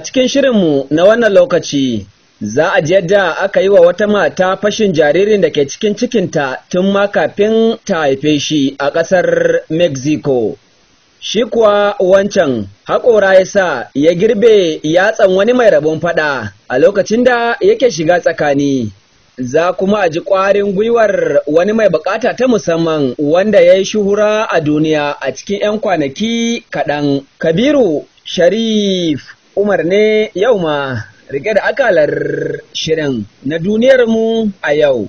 A cikin shirinmu na wannan lokaci, za a ji yadda aka yi wa wata mata fashin jaririn da ke cikin cikinta tun ma kafin ta haife shi a ƙasar Mexico. Shi kuwa wancan haƙora ya sa ya girbe yatsan wani mai rabon faɗa a lokacin da yake shiga tsakani. Za kuma a ji ƙwarin gwiwar wani mai buƙata ta musamman wanda ya yi shuhura a duniya a cikin 'yan kwanaki kaɗan. Kabiru Sharif Umar ne yau ma rike da akalar shirin na duniyarmu a yau.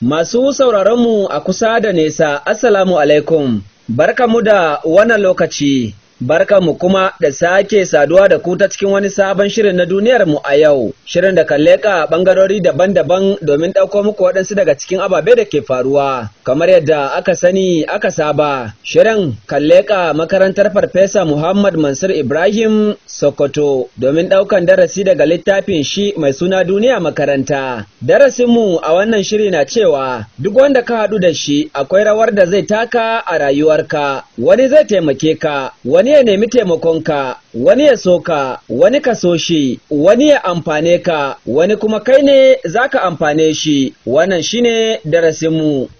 Masu sauraronmu a kusa da nesa, Assalamu alaikum, barkamu da wannan lokaci. Barka mu kuma da sake saduwa da ku ta cikin wani sabon shirin na duniyar mu a yau. Shirin da kan leƙa ɓangarori daban-daban domin ɗauko muku waɗansu daga cikin ababe da ke faruwa kamar yadda aka sani aka saba shirin kalleka makarantar farfesa muhammad mansur ibrahim sokoto domin ɗaukan darasi daga littafin shi mai suna duniya makaranta darasinmu a wannan shiri na cewa duk wanda ka haɗu da shi akwai rawar da zai taka a rayuwarka wani zai taimake ka wani ya nemi taimakonka wani ya so ka wani ka so shi wani ya amfane ka wani kuma kai ne za ka amfane shi wannan shine darasinmu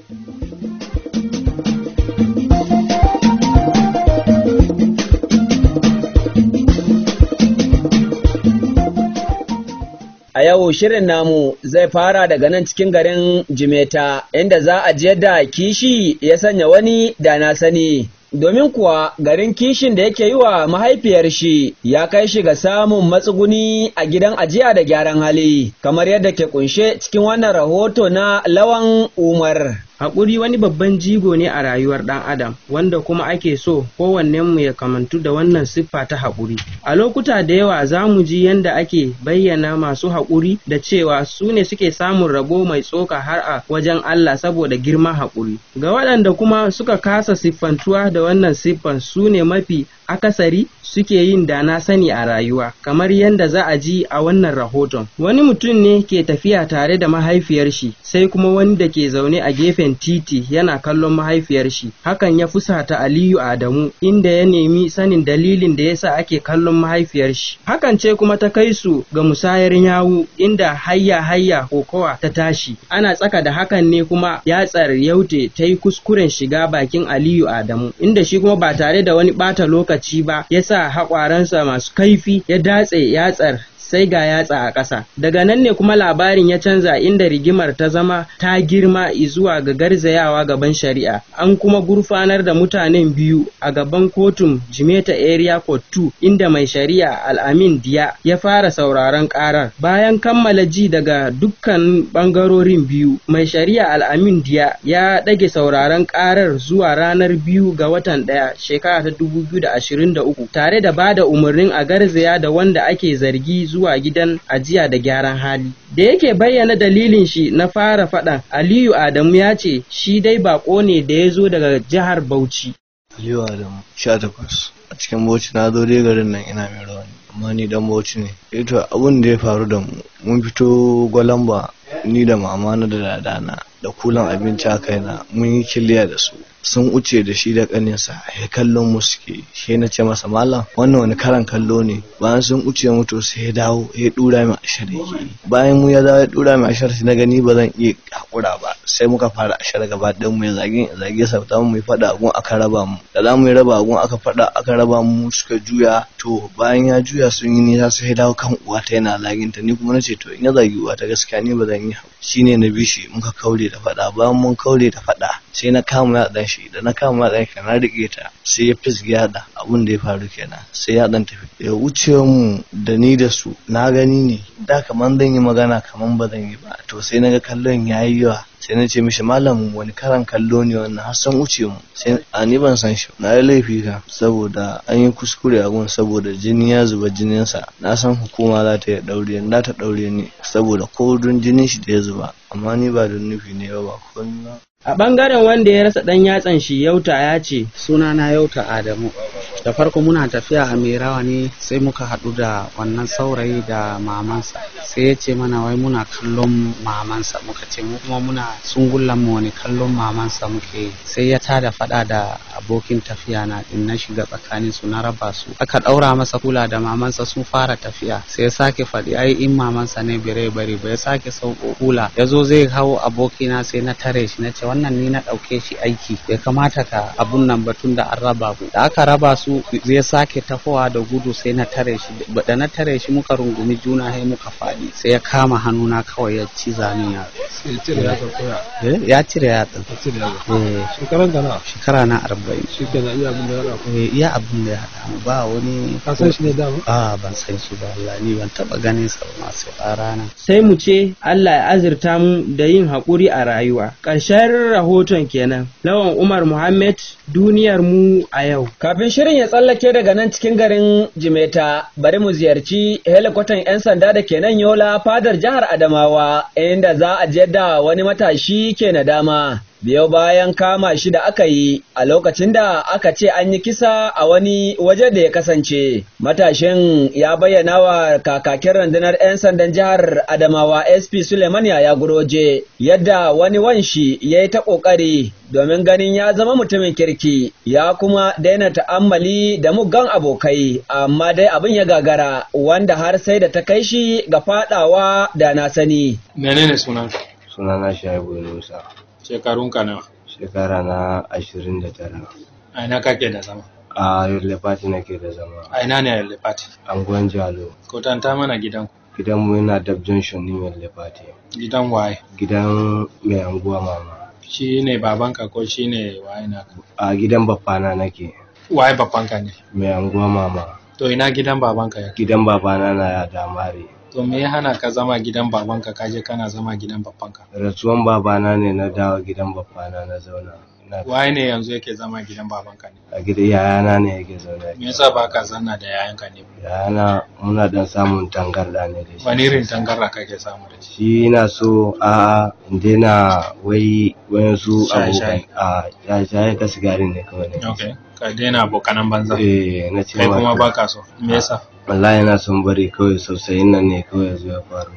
yau shirin namu zai fara daga nan cikin garin Jimeta inda za a je da kishi ya sanya wani da na sani. Domin kuwa garin kishin da yake yi wa mahaifiyar shi ya kai shi ga samun matsuguni a gidan ajiya da gyaran hali, kamar yadda ke kunshe cikin wannan rahoto na Lawan Umar. Haƙuri wani babban jigo ne a rayuwar ɗan Adam, wanda kuma ake so kowannenmu ya kamantu da wannan siffa ta haƙuri. A lokuta da yawa za mu ji yadda ake bayyana masu haƙuri da cewa su ne suke samun rabo mai tsoka har a wajen Allah saboda girman haƙuri. Ga waɗanda kuma suka kasa siffantuwa da wannan siffan su ne mafi akasari suke yin da na sani a rayuwa kamar yadda za a ji a wannan rahoton wani mutum ne ke tafiya tare da mahaifiyar shi sai kuma wani da ke zaune a gefen titi yana kallon mahaifiyar shi hakan ya fusata aliyu adamu inda ya nemi sanin dalilin da yasa ake kallon mahaifiyar shi hakan ce kuma ta kai su ga musayar yawu inda hayya hayya kokowa ta tashi ana tsaka da hakan ne kuma yatsar yaute ta yi kuskuren shiga bakin aliyu adamu inda shi kuma ba tare da wani bata lokaci ba yasa sa masu kaifi ya datse yatsar sai ga yatsa a ƙasa. Daga nan ne kuma labarin ya canza inda rigimar ta zama ta girma izuwa ga garzayawa gaban shari'a. An kuma gurfanar da mutanen biyu a gaban kotun Jimeta Area Court 2 inda mai shari'a Al'amin Diya ya fara sauraron ƙarar. Bayan kammala ji daga dukkan ɓangarorin biyu, mai shari'a Al'amin Diya ya ɗage sauraron ƙarar zuwa ranar biyu ga watan ɗaya shekara ta 2023 tare da ba da umarnin a garzaya da wanda ake zargi zuwa zuwa gidan ajiya da gyaran hali. Da yake bayyana dalilin shi na fara faɗan, Aliyu Adamu ya ce shi dai bako ne da ya zo daga jihar Bauchi. Aliyu Adamu, sha takwas. A cikin Bauchi na zo dai garin nan ina mai rawani. Amma ni dan Bauchi ne. Ito eh abin da ya faru da mu, mun fito gwalamba ni da mama na da dadana da kulan abinci a kaina mun yi kiliya da su. sun uce da shi da kaninsa ya kallon mu suke shi na ce masa malam wannan wani karan kallo ne bayan sun uce mutu sai ya dawo ya dura mai ashirin." bayan mu ya dawo ya dura mai ashirin na gani ba zan iya hakura ba sai muka fara a shara gaba ɗin mu zage zage sauta mu yi faɗa gun aka raba mu da za mu yi raba gun aka faɗa aka raba mu suka juya to bayan ya juya sun yi nisa sai dawo kan uwata yana zaginta. ni kuma na ce to in ya zagi uwata gaskiya ni ba zan yi shine na bi shi muka kaure da faɗa bayan mun kaure da faɗa sai na kama dan shi da na kama yaɗan shi na riƙe ta sai ya fisge yaɗa Abun da ya faru kenan sai yaɗan tafi ya wuce mu da ni da su na gani ne da kaman zan yi magana kaman ba zan yi ba to sai na ga kallon yayi yawa sai na ce mishi malam wani karan kallo ne wannan har san wuce mu sai a ni ban san shi na yi laifi ka saboda an yi kuskure a gun saboda jini ya zuba jininsa na san hukuma za ta yi daure za ta daure ni saboda ko dun jinin shi da ya zuba amma ni ba don nufi ne ba ko a bangaren wanda ya rasa dan yatsan shi yauta ya ce sunana yauta adamu da farko muna tafiya a merawa ne sai muka haɗu da wannan saurayi da mamansa sai ya ce mana wai muna kallon mamansa muka ce mu kuma muna sungullan mu wani kallon mamansa muke sai ya da faɗa da abokin tafiya na din na shiga tsakanin su na raba su aka ɗaura masa kula da mamansa sun fara tafiya sai ya sake faɗi ai in mamansa ne bire bare ba ya sake sauko kula ya zo zai hau abokina sai na tare shi na ce wannan ni na ɗauke shi aiki ya kamata ka abun nan ba tun da an raba ku da aka raba su zai sake tafowa da gudu sai na tare shi da na tare shi muka rungumi juna sai muka faɗi sai ya kama hannuna kawai ya ci zamin ya ya cire ya eh, tsan eh. shekaran da na shekara na arba'in shekara iya abin da ya haɗa eh, iya abin da ya haɗa ba wani ka san shi ne dama a ah, ban san shi ba Allah ni ban taɓa ganin sa ba sai a rana sai mu ce Allah ya azurta mu da yin haƙuri a rayuwa ƙarshen rahoton kenan lawan Umar Muhammad duniyar mu a yau kafin shirin ya tsallake daga nan cikin garin Jimeta, bari mu ziyarci helikwatan 'yan sanda da ke nan Yola fadar jihar Adamawa, inda za a je da wani matashi ke nadama biyo bayan kama shi da aka yi a lokacin da aka ce an yi kisa a wani waje da ya kasance matashin ya bayyana wa kakakin rundunar 'yan sandan jihar adamawa sp suleiman ya guroje yadda wani wanshi ya yi ta ƙoƙari domin ganin ya zama mutumin kirki ya kuma daina ta'ammali da muggan abokai amma dai abin ya gagara wanda har sai da ta kai shi ga fadawa da na sani menene sunan sunana shaibu musa Shekarun ka nawa? Shekara na ashirin da tara. A ina kake da zama? A yalle Party nake da zama. A ina ne yalle Party? Anguwan Jalo. Kotanta mana gidanku. Gidanmu yana Dab Junction ne yalle Party. Gidan waye? Gidan mai anguwa mama. Shi ne babanka ko shi ne waye naka? A gidan babbana nake. Waye babbanka ne? Mai anguwa mama. To ina gidan babanka ya? Gidan babana na ya damare. To me ya hana ka zama gidan babanka kaje kana zama gidan baffanka? Rasuwan babana ne na dawo gidan baffana na zauna. waye ne yanzu yake zama gidan babanka ne a gidan yayana ne yake zaune me yasa ba ka zanna da yayanka ne yayana muna dan samun tangarda ne da shi wani irin tangarda kake samu da shi shi na so a in daina wai wayansu abokan a shaye ka sigari ne kawai okay ka daina abokanan banza eh na ce kai kuma baka so me yasa wallahi ina son bari kawai sosai nan ne kawai zuwa faru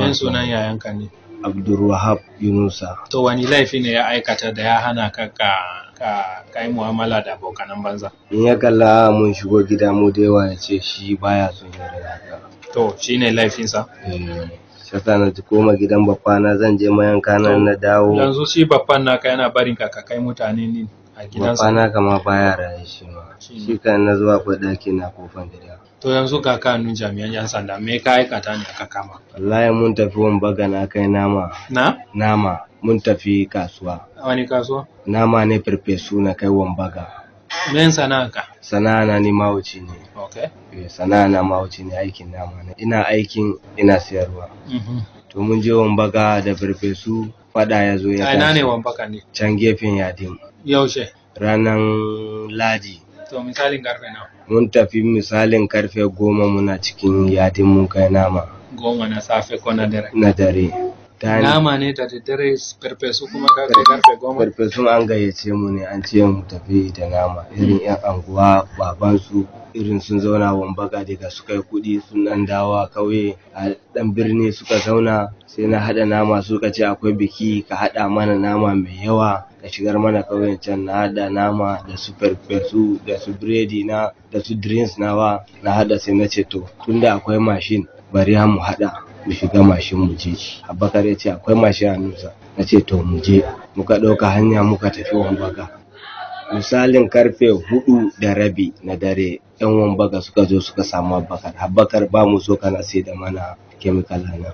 da ni sunan yayanka ne Abdulwahab Yunusa. To wani laifi ne ya aikata da ya hana ka ka ka kai mu'amala da abokanan banza? In ya kalla mun shigo gida mu da yawa ya ce shi baya son yin haka. To shi ne laifinsa? Eh, Shasa koma gidan bappa na zan je mayanka na na dawo. Yanzu shi na naka yana barin ka ka kai mutane ne a gidansa. Bappa na kama baya raye shi ma. Shi kan na zuwa akwai ɗaki na kofan gida. to yanzu ga ka nun jami'an yan sanda me ka aikata ne aka kama wallahi mun tafi wambaga na kai nama na nama mun tafi kasuwa wani kasuwa nama ne perpesu na kai wambaga men sana'a ka sana'a na ni mawuci ne okay eh, sana'a na mawuci ne aikin nama ne ina aikin ina sayarwa mhm. to mun je wambaga da perpesu fada ya zo ya tashi ina ne wambaga ne can gefen yadin yaushe ranan ladi to misalin karfe nawa mun tafi misalin karfe goma muna cikin yadin mun kai nama goma na safe ko na dare na dare tare nama ne da daddare Perpesu kuma ka kai karfe goma farfesun an gayyace mu ne an ce mu tafi da nama irin yan anguwa babansu irin sun zauna wambaga daga suka yi kuɗi sun nan dawa kauye a ɗan birni suka zauna sai na haɗa nama suka ce akwai biki ka haɗa mana nama mai yawa ka shigar mana kauyen can na hada nama da su dasu da su biredi na da su drinks nawa na haɗa sai na ce to tunda akwai mashin bari mu haɗa mu shiga mashin mu je shi abubakar ya ce akwai mashin a nusa na ce to mu je muka ɗauka hanya muka tafi wambaga misalin karfe hudu da rabi na dare yan wambaga suka zo suka samu abubakar abubakar ba mu so kana sai da mana kemikal na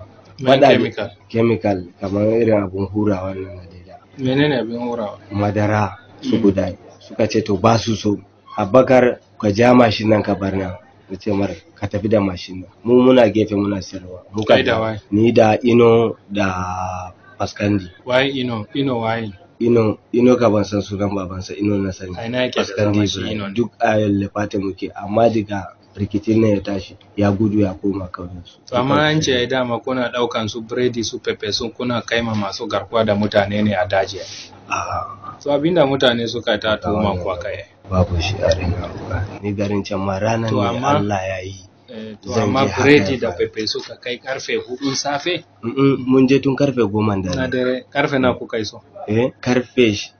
kemikal kamar irin abun hurawa na da menene abin hurawa madara su mm. guda suka ce to ba su so abubakar ka ja mashin nan ka bar nan na ce mara ka tafi da mashin mu muna gefe muna sayarwa mu kai da wai ni da ino da paskandi. wai ino ino wai ino ino ka ban san sunan babansa ino na sani ino duk a lefate muke amma diga rikicin ne ya tashi ya gudu ya koma kauyen su. amma an ce dama kuna daukan su biredi su pepe sun kuna kaima masu garkuwa da mutane ne a daji. So abinda mutane suka ta tuma kuwa kai. Babu shi a ringa ni garin can ma ranar ne Allah ya yi. Eh, to amma biredi da pepe ka kai karfe hudun safe mun je tun karfe goma da na dare karfe na kuka iso eh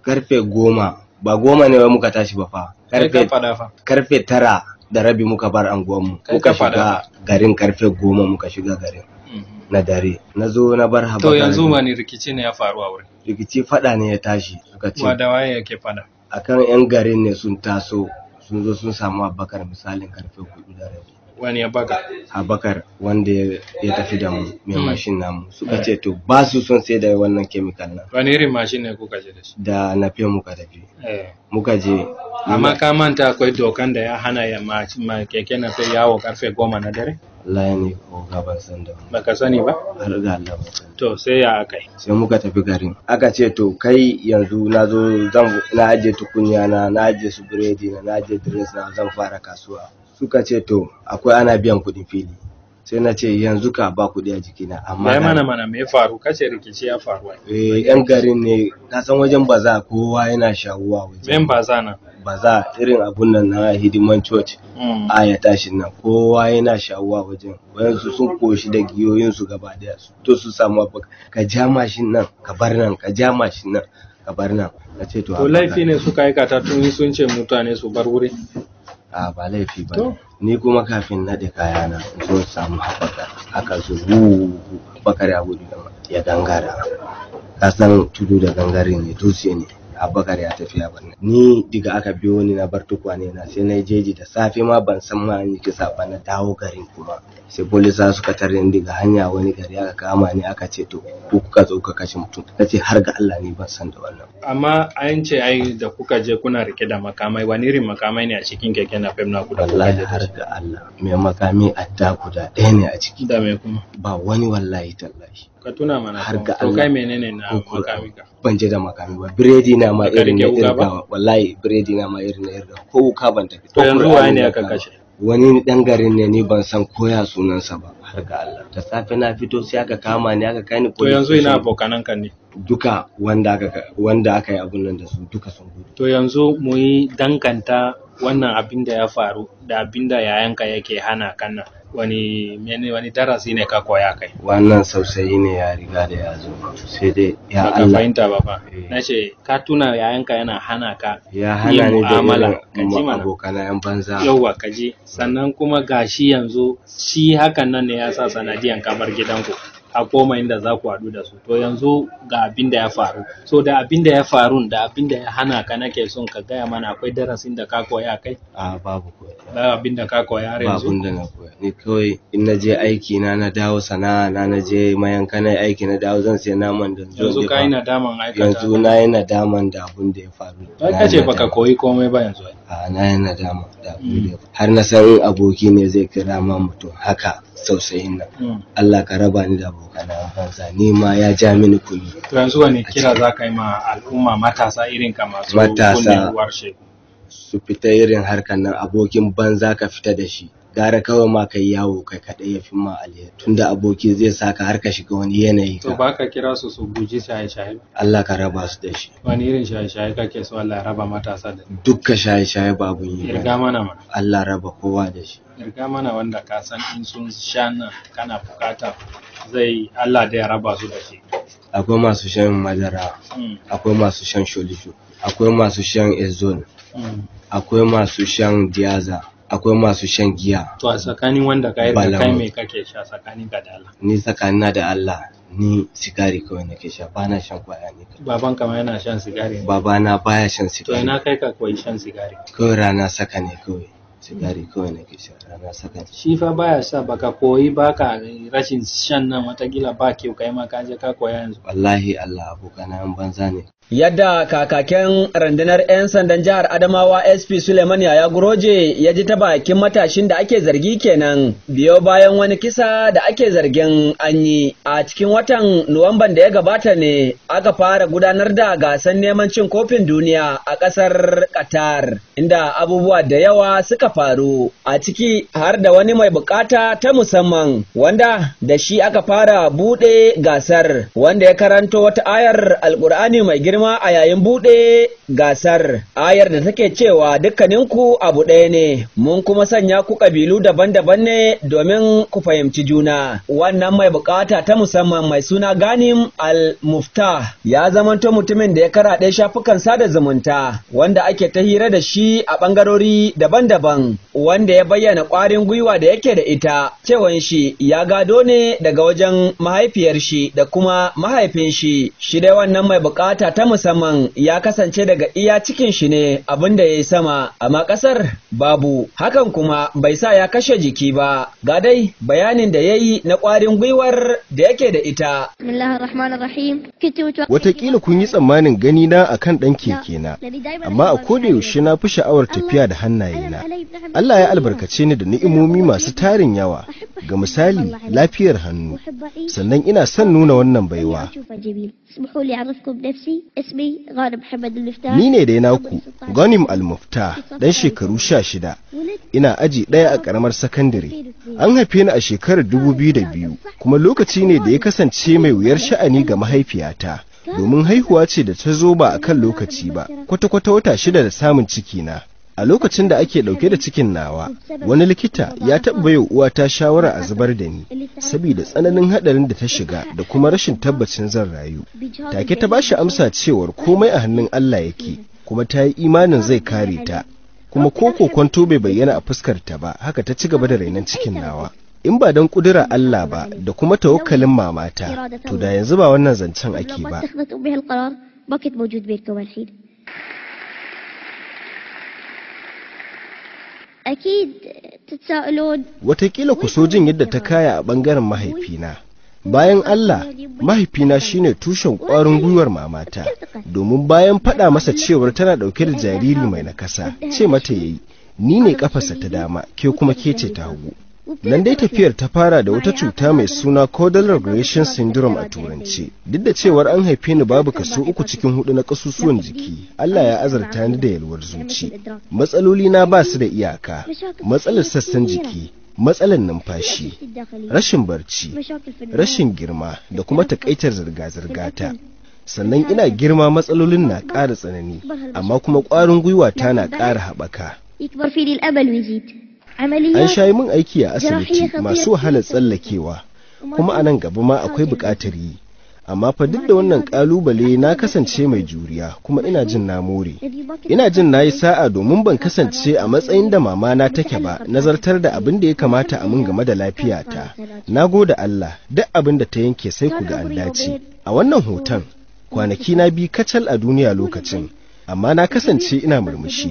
karfe goma ba goma ne wai muka tashi ba fa karfe tara da rabi muka bar anguwanmu muka shiga garin karfe goma muka shiga garin mm-hmm. na dare na zo na bar haba to yanzu wani rikici ne ya faru a wurin rikici fada ne ya tashi suka ce wada waye yake fada akan yan garin ne sun taso sun zo sun samu abakar misalin karfe hudu da rabi wani abakar abakar wanda ya tafi da mu mai hmm. mashin namu suka ce to ba su son sai da wannan kemikal na wani irin mashin ne kuka je da shi da na fiye muka tafi eh. muka je amma ka manta akwai dokan da ya hana ya ma keke na fiye yawo karfe goma na dare layani ko gaban sanda Ba ka sani ba har ga Allah to sai ya akai sai muka tafi garin aka ce to kai yanzu na zo zan na aje tukunya na na aje su biredi na na aje dress na zan fara kasuwa suka ce to akwai ana biyan kuɗin fili sai na ce yanzu ka ba kuɗi a jikina amma ya mana mana me faru kace rikici ya faru eh yan garin ne ka san wajen baza kowa yana shawuwa wajen men baza na baza irin abun nan na hidiman church mm. a ya tashi nan kowa yana shawuwa wajen wayansu sun koshi da giyoyin su gaba su to su samu ka ja mashin nan ka bar nan ka ja mashin nan ka bar nan ka ce to to laifi ne suka aikata tun sun ce mutane su bar wuri a ba laifi ba ni kuma kafin naɗe kayana zo samu haɓaka haka zo bakar ya gudu ya gangara ka san tudu da gangare ne dutse ne abubakar ya tafiya ya banna ni diga aka biyo ni na bar tukwane na sai na jeji da safe ma ban san ma ni kisa ba na dawo garin kuma sai polisa suka tare ni daga hanya wani gari aka kama ni aka ce to ko kuka zo kuka kashe mutum na ce har ga Allah ni ban san da wannan amma an ce ai da kuka je kuna rike da makamai wani irin makamai ne a cikin keke na fem na guda wallahi har ga Allah me makami adda guda ɗaya ne a ciki da mai kuma ba wani wallahi tallahi ka tuna mana har ga Allah kai menene na ban je da makami ba biredi na ma irin na irgawa wallahi biredi na ma irin na ko wuka ban tafi to yanzu wani ne aka kashe wani dan garin ne ni ban san koya sunansa ba har ga Allah da safe na fito sai aka kama ni aka kai ni to yanzu ina abokanan kan ne duka wanda aka wanda aka yi abun nan da su duka sun gudu to yanzu mu yi dankanta wannan abin da ya faru da abin da yayanka yake hana kan nan wani mene wani darasi ne ka koya kai wannan sausayi ne ya riga da ya zo sai dai ya Allah ka fahimta ba eh. nace ka tuna yayanka yana hana ka ya hana ni da mana abokana yan banza yauwa kaji sannan kuma gashi yanzu shi hakan nan ne ya sa sanadiyan kamar gidanku a koma inda za ku haɗu da su to yanzu ga abin da ya faru so da abin da ya faru da abin da ya hana ka nake son ka gaya mana akwai darasin da ka koya kai a babu koya ba abin da ka koya har yanzu babu da na koya ni kawai in na je aiki na na dawo sana'a na na je mayanka na aiki na dawo zan sai naman da yanzu kai na daman aikata yanzu na yi nadaman daman da abin da ya faru kai kace baka koyi komai ba yanzu a na yana dama da mm. har na san aboki ne zai kira ma mutum haka sosai nan mm. Allah ka raba ni da abokana banza ni ma ya ja mini kuli to yanzu wani kira za ka yi ma al'umma matasa irin ka masu matasa su fita irin harkar nan abokin banza ka fita da shi gara kawai ma kai yawo kai kaɗai ya fi ma alheri tunda aboki zai saka har ka shiga wani yanayi to ba ka kira su su guji shaye-shaye Allah ka raba su da shi wani irin shaye-shaye kake so Allah ya raba matasa da dukkan shaye-shaye babu yi yarga mana ma Allah raba kowa da shi yarga mana wanda ka san in sun sha nan kana bukata zai Allah da ya raba su da shi akwai masu shan madara hmm. akwai masu shan sholisho akwai masu shan ezon hmm. akwai masu shan diaza akwai masu shan giya to a tsakanin wanda ka yi kai mai kake sha tsakanin ka da Allah ni na da Allah ni sigari kawai nake sha ba na shan kwaya ne baban kama yana shan sigari babana baya shan sigari to ina kai ka koyi shan sigari kawai rana saka ne kawai sigari kawai nake sha rana sakan shi fa baya sa baka koyi baka rashin shan nan watakila ba kyau kai ma kaje ka koya yanzu wallahi Allah abokana an banza ne yadda kakaken rundunar 'yan sandan jihar adamawa sp suleiman yaya guroje ya ji ta bakin matashin da ake zargi kenan biyo bayan wani kisa da ake zargin an yi a cikin watan nuwamban da ya gabata ne aka fara gudanar da gasar neman cin kofin duniya a ƙasar qatar inda abubuwa da yawa suka faru a ciki har da wani mai bukata ta musamman wanda da shi aka fara buɗe gasar wanda ya karanto wata ayar alkur'ani mai girma a yayin buɗe gasar ayar da take cewa dukkaninku abu ɗaya ne mun kuma sanya ku ƙabilu daban-daban ne domin ku fahimci juna wannan mai bukata ta musamman mai suna ganim al mufta ya zamanto mutumin da ya karaɗe shafukan sada zumunta wanda ake ta hira da shi a ɓangarori daban-daban wanda ya bayyana ƙwarin gwiwa da yake da ita cewan shi ya gado ne daga wajen mahaifiyar shi da kuma mahaifin shi shi dai wannan mai bukata ta musamman ya kasance daga iya cikin shi ne abin da ya yi sama amma ƙasar babu hakan kuma bai sa ya kashe jiki ba ga dai bayanin da ya yi na ƙwarin gwiwar da yake da ita. Watakila kun yi tsammanin gani na akan ɗan keke na, amma a koda yaushe na fi sha'awar tafiya da hannayena. Allah ya albarkace ni da ni'imomi masu tarin yawa ga misali lafiyar hannu sannan ina son nuna wannan baiwa ni ne dai naku al almufta dan shekaru sha shida ina aji ɗaya a ƙaramar sakandare an haife ni a shekarar dubu biyu da biyu kuma lokaci ne da ya kasance mai wuyar sha'ani ga mahaifiyata domin haihuwa ce da ta zo ba a kan lokaci ba kwata-kwata wata shida da samun ciki na a lokacin da ake dauke da cikin nawa wani likita ya taɓa baiwa uwata shawara a zubar da ni saboda tsananin hadarin da ta shiga da kuma rashin tabbacin zan rayu take ta bashi amsa cewa komai a hannun Allah yake kuma ta yi imanin zai kare ta kuma ko kokonto bai bayyana a fuskar ta ba haka ta ci gaba da rainon cikin nawa in ba don kudura Allah ba da kuma tawakkalin mamata to da yanzu ba wannan zancen ake ba Wataƙila ku so jin yadda ta kaya a ɓangaren mahaifina. Bayan Allah, mahaifina shine tushen ƙwarin gwiwar mamata, domin bayan faɗa masa cewar tana ɗauke da jariri mai nakasa, ce mata yayi, ni ne ƙafarsa ta dama, ke kuma ke ce ta hagu. Nan dai tafiyar ta fara da wata cuta mai suna caudal regression syndrome a turance. Duk da cewar an haife ni babu kaso uku cikin hudu na kasusuwan jiki, Allah ya azarta ni da yalwar zuci. Matsaloli na ba su da iyaka, matsalar sassan jiki, matsalar numfashi, rashin barci, rashin girma da kuma takaitar zirga zirgata Sannan ina girma matsalolin na ƙara tsanani, amma kuma ƙwarin gwiwa ta na ƙara haɓaka. an shayi mun aiki a asibiti masu wahalar tsallakewa kuma a nan gaba ma akwai buƙatar yi amma fa duk da wannan ƙalubale na kasance mai juriya kuma ina jin na more ina jin na yi sa'a domin ban kasance a matsayin da mama na take ba nazartar da abin da ya kamata a mun game da lafiyata na gode Allah duk abin da ta yanke sai ku ga an a wannan hoton kwanaki na bi kacal a duniya lokacin amma na kasance ina murmushi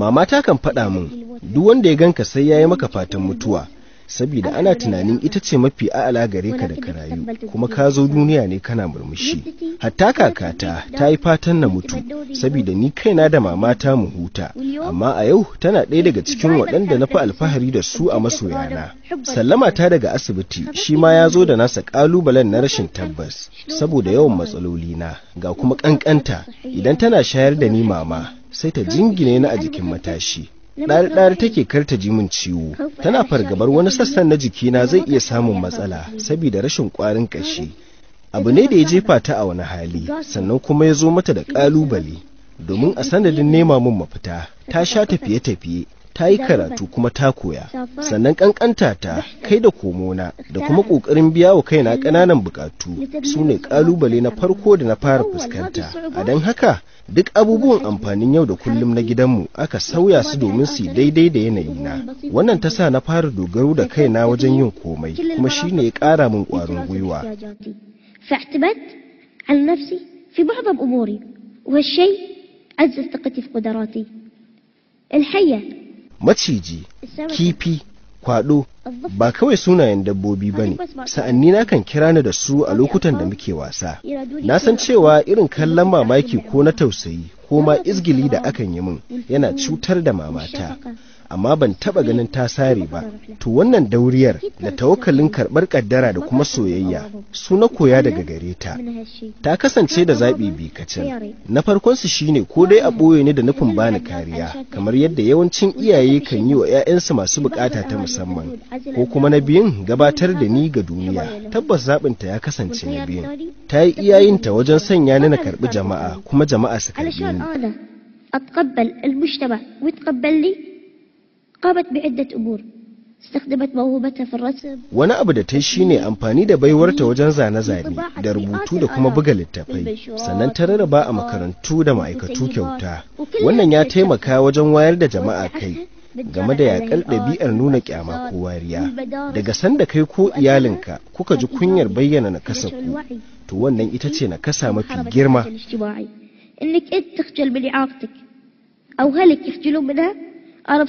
mama ta kan faɗa min duk wanda ya ganka sai ya yi maka fatan mutuwa saboda ana tunanin ita ce mafi a'ala gare ka da ka rayu kuma ka zo duniya ne kana murmushi hatta kakata ta yi fatan na mutu saboda ni kaina da mamata mu huta amma a yau tana ɗaya daga cikin waɗanda na fi alfahari da su a masoyana sallama ta daga asibiti shi ma ya zo da nasa ƙalubalen na rashin tabbas saboda yawan matsaloli na ga kuma ƙanƙanta idan tana shayar da ni mama sai ta jingine ni a jikin matashi ɗari-ɗari take karta min ciwo tana fargabar wani sassan na jikina zai iya samun matsala saboda rashin ƙwarin ƙashi abu ne da ya jefa ta a wani hali sannan kuma ya zo mata da ƙalubale domin a sanadin nema min mafita ta sha tafiye-tafiye ta yi karatu kuma ta koya sannan kankanta ta kai da komona da kuma kokarin biya wa kaina ƙananan bukatu su ne ƙalubale na farko da na fara fuskanta a don haka duk abubuwan amfanin yau da kullum na gidanmu aka sauya su domin su daidai da yanayi na wannan ta sa na fara dogaro da kaina wajen yin komai kuma shine ya ƙara min ƙwarin gwiwa maciji kifi kwado ba kawai sunayen dabbobi ba ne sa'anni na kan kira ni da su a lokutan da muke wasa na san cewa irin kallon mamaki ko na tausayi ko ma izgili da akan yi min yana cutar da mamata amma ban taba ganin ta sare ba to wannan dauriyar da tawakalin karɓar kaddara da kuma soyayya su na koya daga gare ta ta kasance da zaɓi bi kacal na farkon su shine ko dai a ɓoye ne da nufin bani kariya kamar yadda yawancin iyaye kan yi wa 'ya'yansu masu bukata ta musamman ko kuma na biyun gabatar da ni ga duniya tabbas ta ya kasance na biyun ta yi iyayinta wajen sanya ni na karbi jama'a kuma jama'a su karɓi ni أتقبل المجتمع ويتقبل wani abu da ta shi ne amfani da baiwarta wajen zane-zane da rubutu da kuma buga littattafai sannan ta rarraba a makarantu da ma'aikatu kyauta wannan ya taimaka wajen wayar da jama'a kai game da yakar ɗabi'ar nuna kyama ko wariya daga sanda kai ko iyalinka kuka ji kunyar bayyana nakasa ku to wannan ita ce nakasa mafi girma إنك أنا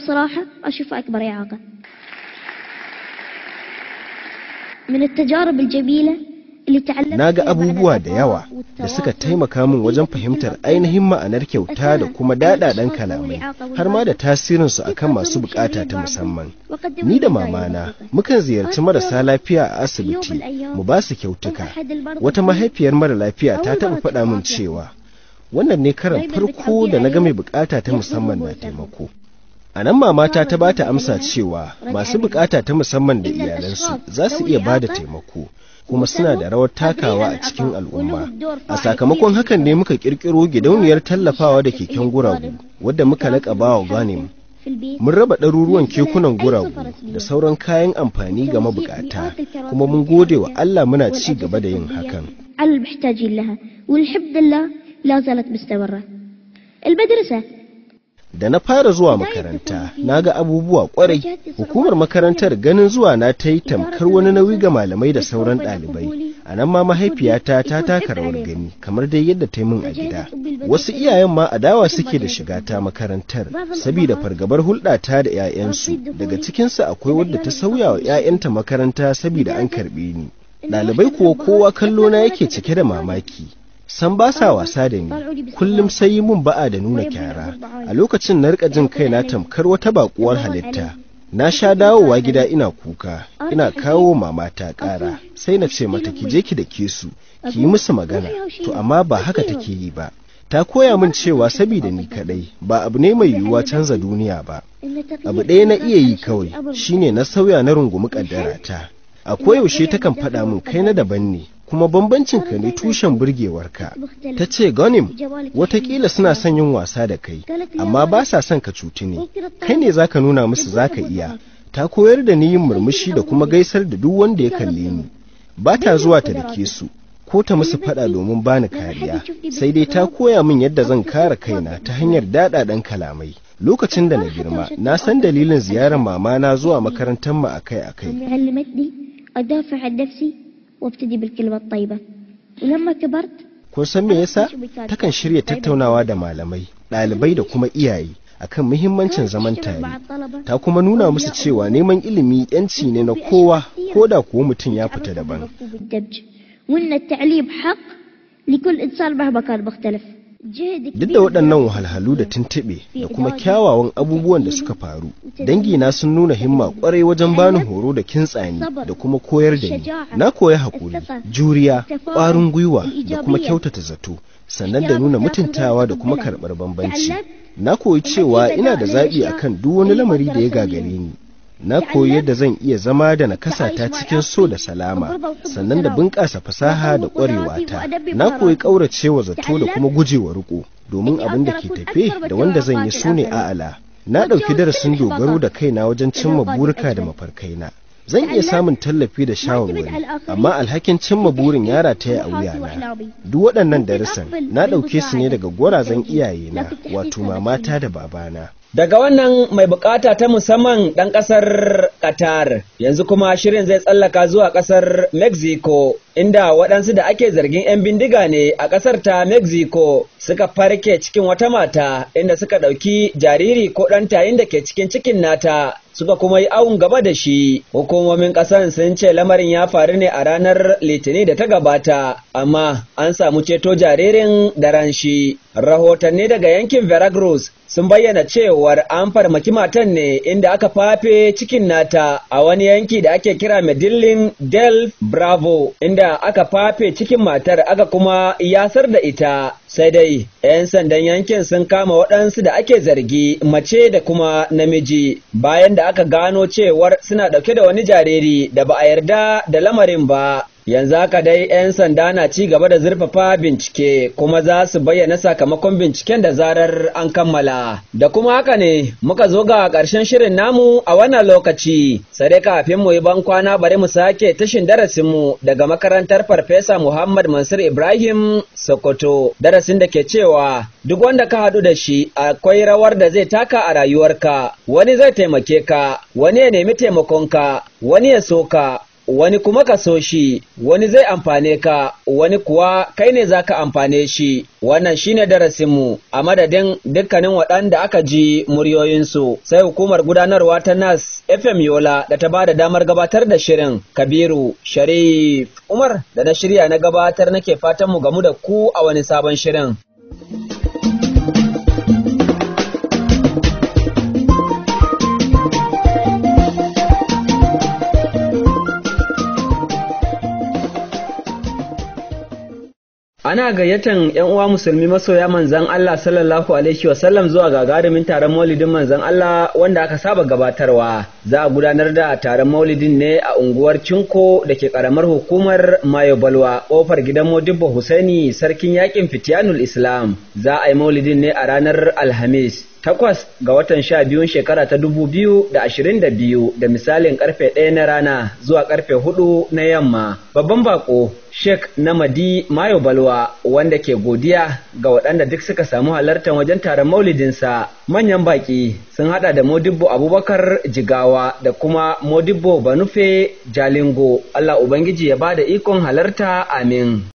na ga abubuwa da yawa da suka taimaka min wajen fahimtar ainihin ma'anar kyauta da kuma daɗaɗen kalamai har ma da tasirinsu a kan masu bukata ta musamman ni da mamana mukan ziyarci marasa lafiya a asibiti mu basu kyautuka wata mahaifiyar mara lafiya ta taɓa faɗa min cewa wannan ne karan farko da na ga mai bukata ta musamman na taimako a nan mamata ta bata amsa cewa masu bukata ta musamman da iyalansu za su iya ba da taimako kuma suna da rawar takawa a cikin al'umma a sakamakon hakan ne muka kirkiro gidauniyar tallafawa da keken guragu wadda muka laƙaba wa ganim mun raba ɗaruruwan kekunan guragu da sauran kayan amfani ga mabukata kuma mun gode wa allah muna ci gaba da yin hakan da na fara zuwa makaranta na ga abubuwa kwarai hukumar makarantar ganin zuwa na ta yi tamkar wani nauyi ga malamai da sauran ɗalibai a nan ma mahaifiyata ta taka rawar gani kamar dai yadda ta yi min a gida wasu iyayen ma adawa suke da shiga ta makarantar sabida fargabar hulɗa ta da 'ya'yansu daga cikinsu akwai wadda ta sauya wa 'ya'yanta makaranta saboda an karɓe ni ɗalibai kuwa kowa kallo na yake cike da mamaki san ba sa wasa da ni kullum sai yi mun ba'a da nuna kyara a lokacin na rika jin kai na tamkar wata bakuwar halitta na sha dawowa gida ina kuka ina kawo mamata ta ƙara sai na ce mata ki je ki da ke su ki yi musu magana to amma ba haka take yi ba ta koya min cewa sabida ni kadai ba abu ne mai yiwuwa canza duniya ba abu ɗaya na iya yi kawai shine na sauya na rungumi kaddara ta a koyaushe takan faɗa min kai na daban ne kuma bambancin ka ne tushen burgewarka ta ce ganim watakila suna son yin wasa da kai amma ba sa son ka cuti ne kai ne za ka nuna musu za ka iya ta koyar da ni yin murmushi da kuma gaisar da duk wanda ya kalle ni ba ta zuwa ta dake su ko ta musu faɗa domin bani kariya sai dai ta koya min yadda zan kare kaina ta hanyar daɗaɗen kalamai lokacin da na girma na san dalilin ziyarar mamana zuwa makarantar mu akai-akai وابتدي بالكلمة الطيبة ولما كبرت kun san me yasa takan shirya tattaunawa da malamai ɗalibai da kuma iyaye akan muhimmancin zaman tare ta kuma nuna musu cewa neman ilimi yanci ne na kowa ko da kuwa mutum ya fita daban. wannan ta'lib haq likul insan mahbakar mukhtalif Duk da waɗannan wahalhalu da tuntuɓe da kuma kyawawan abubuwan da suka faru, dangina sun nuna himma kwarai wajen bani horo da kintsani da kuma koyar da ni. Na koya haƙuri, juriya, ƙwarin gwiwa da kuma kyautata zato, sannan da nuna mutuntawa da kuma karɓar bambanci. Na koyi cewa ina da zaɓi akan duk wani lamari da ya gagare ni. na koyi yadda zan iya zama da nakasa ta cikin so da salama sannan da bunƙasa fasaha da ƙwarewa ta na koyi ƙauracewa zato da kuma gujewa riƙo domin abin da ke tafe da wanda zan yi su ne Ala. na ɗauki darasin dogaro da kaina wajen cimma burika da mafarkaina zan iya samun tallafi da shawarwari amma alhakin cimma burin yara yi a wuyana duk waɗannan darussan na ɗauke su ne daga gwarazan iyayena wato mamata da babana Daga wannan mai bukata ta musamman ɗan ƙasar Qatar, yanzu kuma shirin zai tsallaka zuwa ƙasar Mexico, inda waɗansu da ake zargin 'yan bindiga ne a ƙasar ta Mexico suka farke cikin wata mata inda suka ɗauki jariri ko ɗan tayin da ke cikin cikin nata suka kuma yi awun gaba da shi hukumomin ƙasar sun ce lamarin ya faru ne a ranar litinin da ta gabata amma an samu ceto jaririn da ran shi rahotanni daga yankin veracruz sun bayyana cewar an farmaki matan ne inda aka fafe cikin nata a wani yanki da ake kira medellin del bravo inda aka fafe cikin matar aka kuma yasar da ita sai dai 'yan sandan yankin sun kama waɗansu da ake zargi mace da kuma namiji bayan da aka gano cewar suna ɗauke da wani jariri da ba a yarda da lamarin ba yanzu haka dai 'yan sanda na ci gaba da zurfafa bincike kuma za su bayyana sakamakon binciken da zarar an kammala da kuma haka ne muka zo ga ƙarshen shirin namu a wannan lokaci sai kafin mu yi ban kwana bari mu sake tashin darasin mu daga makarantar farfesa muhammad mansur ibrahim sokoto darasin da ke cewa duk wanda ka haɗu da shi akwai rawar da zai taka a rayuwarka wani zai taimake ka wani ya nemi taimakonka wani ya so ka wani kuma ka so shi wani zai amfane ka wani kuwa kai ne za ka amfane shi wannan shine darasinmu a madadin dukkanin waɗanda aka ji muryoyinsu sai hukumar gudanarwa ta nas fm yola da ta ba da damar gabatar da shirin kabiru sharif umar da na shirya na gabatar nake fatan mu gamu da ku a wani sabon shirin. ana gayyatan yan uwa musulmi masoya manzan Allah sallallahu alaihi sallam zuwa gagarumin taron maulidin manzan Allah wanda aka saba gabatarwa za a gudanar da taron maulidin ne a unguwar Cinko da ke karamar hukumar Mayo Balwa kofar gidan Modibbo Husaini sarkin yakin Fitiyanul Islam za a yi maulidin ne a ranar Alhamis takwas ga watan sha biyun shekara ta dubu biyu da ashirin da biyu da misalin karfe ɗaya na rana zuwa karfe hudu na yamma babban bako sheik namadi mayo balwa wanda ke godiya ga waɗanda duk suka samu halartar wajen taron maulidinsa manyan baƙi sun haɗa da modibbo abubakar jigawa da kuma modibbo banufe jalingo allah ubangiji ya bada ikon halarta amin